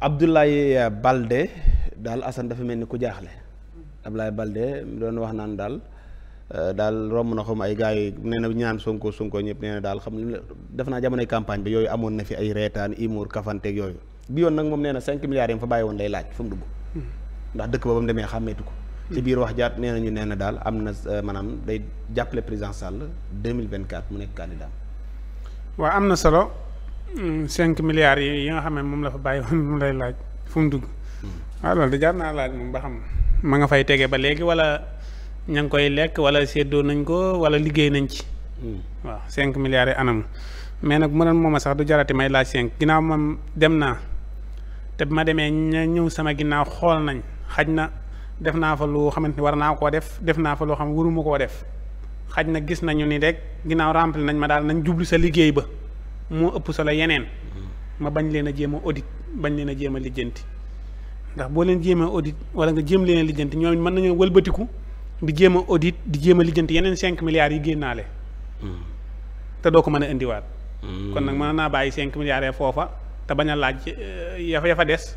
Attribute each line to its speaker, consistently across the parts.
Speaker 1: Abdoulaye Balde daal Assane dafa mel ni ku jaaxle Abdoulaye Balde mu doon wax naan daal euh, daal romb na xom ay gars yi nee na ñaan Sonko sunkoo ñëpp nee daal xam def naa jamonoy campagne bi yooyu amoon na fi ay reetaan humour kafanteeg yooyu bi yoon nag moom nee na cinq milliards yi fa bàyyi woon lay laaj fu mu dugg ndax dëkk ba ba mu demee xàmmeetu ko ci biir wax jaat nee nañu nee na daal am na euh, maanaam day jàppale président Sall 2024 mu nekk candidat
Speaker 2: waaw am na solo cinq milliards yi yi nga xam ne moom la fa bàyyi woon moom lay laaj fu mu dugg. waaw ah, loolu de jaar naa laaj moom ba xam ma nga fay tege ba léegi wala ña ngi koy lekk wala séddoo nañ ko wala liggéey nañ ci. Hmm. waaw cinq milliards yi anam mais nag mu doon moom sax du jarati may laaj cinq ginnaaw moom dem naa te bu ma demee ña ñëw sama ginnaaw xool nañ xaj na def naa fa lu xamante war naa koo def def naa fa loo xam waruma koo def xaj na gis nañu ni rek ginnaaw rempli nañ ma daal nañ jublu sa liggéey ba. moo ëpp solo yeneen mm-hmm. ma bañ leen a jéem a audit bañ leen a jéem a lijjanti ndax boo leen jéem a audit wala nga jéem leen a lijjanti ñoom mën nañoo wëlbatiku di jéem a audit di jéem a lijjanti yeneen cinq milliards yi génnaale mm-hmm. te doo ko mën a indiwaat mm-hmm. kon nag mën naa bàyyi cinq milliards ya foofa te bañ a laaj eh, ya fa ya des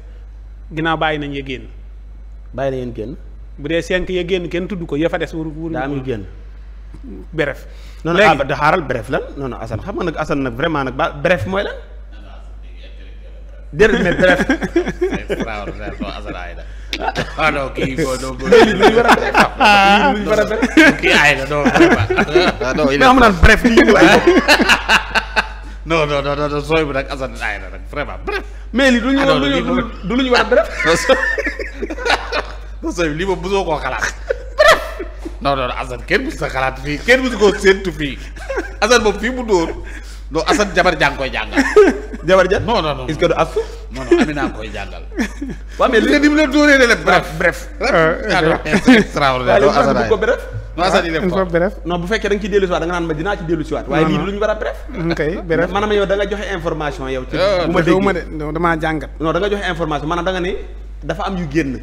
Speaker 2: ginnaaw bàyyi nañ ya génn bàyyi na yéen génn bu dee cinq ya génn kenn tudd ko ya fa des wuru wuru daa muy génn bref. non non da xaaral bref lan non non
Speaker 1: Assane nag Assane nag vraiment nag ba bref mooy a def la
Speaker 3: non non il est xam vraiment bref. mais lii du lu ñu war bref. non sooy lii moom bu koo xalaat. non non Assane kenn xalaat fii kenn musu koo séentu fii Assane moom fii mu dóor non Assane jabar jàng ja non non non est-ce que du Asou. non non Amina koy jàngal. mu la dóoree de la bref ah, bref. Ah, ah, extraordinaire ko bref. non Assane il est fort
Speaker 1: bref. bu fekkee da nga ciy dellu si ma dinaa ci dellu si waat. waaye lii lu ñu war
Speaker 2: a
Speaker 1: joxe information yow. ci bu ma déggee damaa jàngat. non da nga joxe information maanaam da nga dafa am yu génn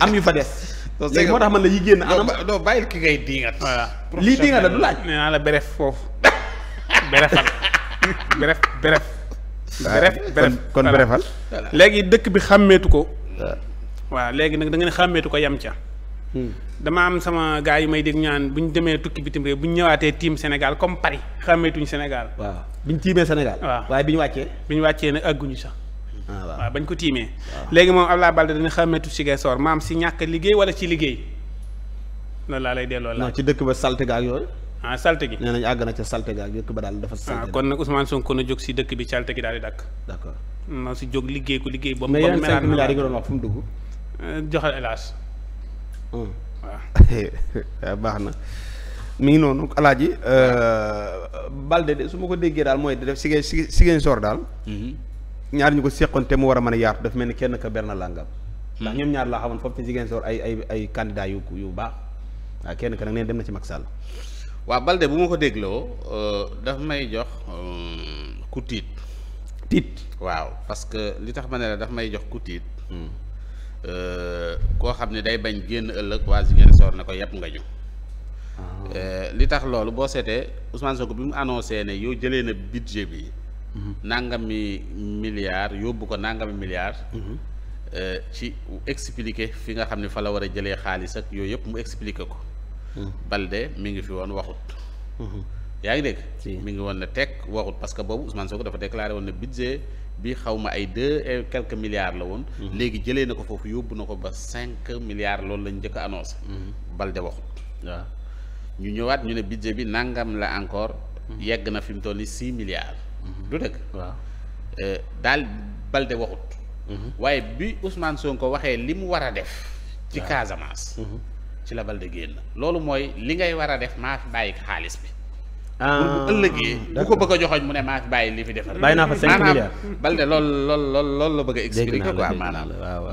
Speaker 1: am yu fa des. léegi moo tax man la yi génn anam
Speaker 2: doo bàyyil ki ngay diingat. lii diingat la du laaj. nee naa la bref foofu brefal bref bref.
Speaker 3: bref ah, bref kon kon brefal. léegi
Speaker 2: dëkk bi xàmmeetu ko. waa ah. léegi nag da nga ne xàmmeetu ko yam ca. Hmm. dama am sama gars yi may dégg ñaan bu ñu demee tukki bitim réew bu ñu ñëwaatee team Sénégal comme Paris xàmmeetuñ Sénégal.
Speaker 1: waaw bi ñu tiimee Sénégal.
Speaker 2: waaw waaye bi ñu wàccee. bi ñu wàccee nag àgguñu sax. Ah, waaw bañ ko tiimee léegi moom Abdoulaye Balde dañu xàmmeetu si gay soor maam si ñàkk liggéey wala ci liggéey loolu laa lay delloo la ci
Speaker 1: dëkk ba salte ga ak yooyu ah salte gi nee nañu àgg na ca salte ga ak dëkk ba daal dafa salte ah,
Speaker 2: kon nag Ousmane Sonko na jóg si dëkk bi salte gi daal di dakk d'accord na si jóg liggéey ko liggéey boobu mais yeneen cinq milliards yi doon wax fu mu dugg euh, joxal hélas waaw
Speaker 1: eh, baax na mi ngi noonu alaaji euh, Balde de su ma ko déggee daal mooy def si si si daal mm-hmm. ñaar ñu ko seqoon te mu war a mën a yaatu daf mel ni kenn ka Bernard Langam. Hmm. ndax ñoom ñaar laa xamoon foofu ci Ziguinchor ay ay ay candidats yu yu baax waaw kenn ka nag nee dem na ci mag Sall.
Speaker 3: waaw Balde bu ma ko dégloo euh, daf may jox euh, ku tiit. tiit waaw parce que li tax ma ne la daf may jox ku tiit. Hmm. Euh, koo xam ne day bañ génn ëllëg waa Ziguinchor ne ko yàpp nga ñu. Ah. li tax loolu boo seetee Ousmane ko bi mu annoncé ne yow jëlee na budget bi. nangami milliards yóbbu ko nangami milliards. Mhm. Euh, ci expliquer fi nga xam ne fa la war a jëlee xaalis ak yooyu yëpp mu expliquer ko. Mhm. Balde mi ngi fi woon waxut. Mhm. yaa ngi dégg. mi ngi woon ne teg waxut parce que boobu Ousmane ko dafa déclaré woon ne budget bi xaw ma ay deux et quelques milliards la woon. léegi jëlee na ko foofu yóbbu na ko ba cinq milliards loolu lañ njëkk a Balde waxut waaw. ñu ñëwaat ñu ne budget bi nangam la encore. yegg na fi mu toll nii six milliards. du dëgg. waaw euh, daal Balde waxut. Mhm. waaye bi Ousmane ko waxee li mu war a def. ci Casamance. Mhm. ci la Balde génn loolu mooy li ngay war a def maa fi bàyyi xaalis bi. ah bu ëllëgee bu ko bëgg a joxoñ mu ne maa fi bàyyi li fi defar. bàyyi naa fa cinq milliards Balde lool lool lool lool la bëgg a. expliquer quoi maanaam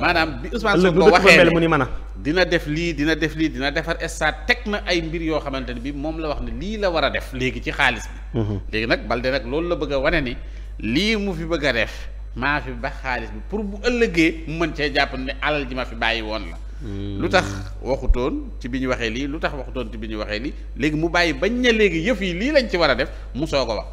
Speaker 3: maanaam bi Ousmane Sonko waxee mu ni mën a. dina def lii dina def lii dina defar stade teg na ay mbir yoo xamante ne bii moom la wax ne lii la war a def léegi ci xaalis bi mhm. léegi nag Balde nag loolu la bëgg a wane ni lii mu fi bëgg a def maa fi ba xaalis bi pour bu ëllëgee mu mën cee jàpp ne alal ji ma fi bàyyi woon la hmm. lu tax waxutoon ci bi ñu waxee lii lu tax waxutoon ci bi ñu waxee lii léegi mu bàyyi bañ na léegi yëf yi lii lañ ci war a def mu soo a wax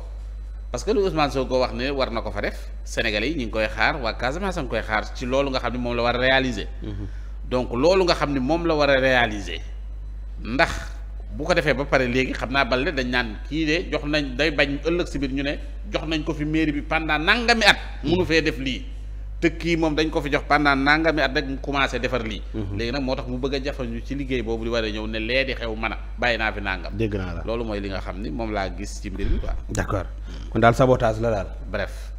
Speaker 3: parce que lu Ousmane Sonko wax ne war na ko fa def Sénégalais yi ñu ngi koy xaar waa Casamance a ngi koy xaar ci loolu nga xam ne moom la war a réaliser mhm. donc loolu nga xam ne moom la war a réaliser ndax bu ko defee ba pare léegi xam naa Baldé dañ naan kii de jox nañ day bañ ëllëg si biir ñu ne jox nañ ko fi mairie bi pendant nangami at hmm. munu fee def lii te kii moom dañ ko fi jox pendant nangami at rek mu commencé defar lii. Hmm. léegi nag moo tax mu bëgg a jafandu ci liggéey boobu di waree ñëw ne lee di xew mën a bàyyi naa fi nàngam dégg naa la loolu mooy li nga xam ni moom laa gis ci mbir mi quoi.
Speaker 1: d'accord la daal bref.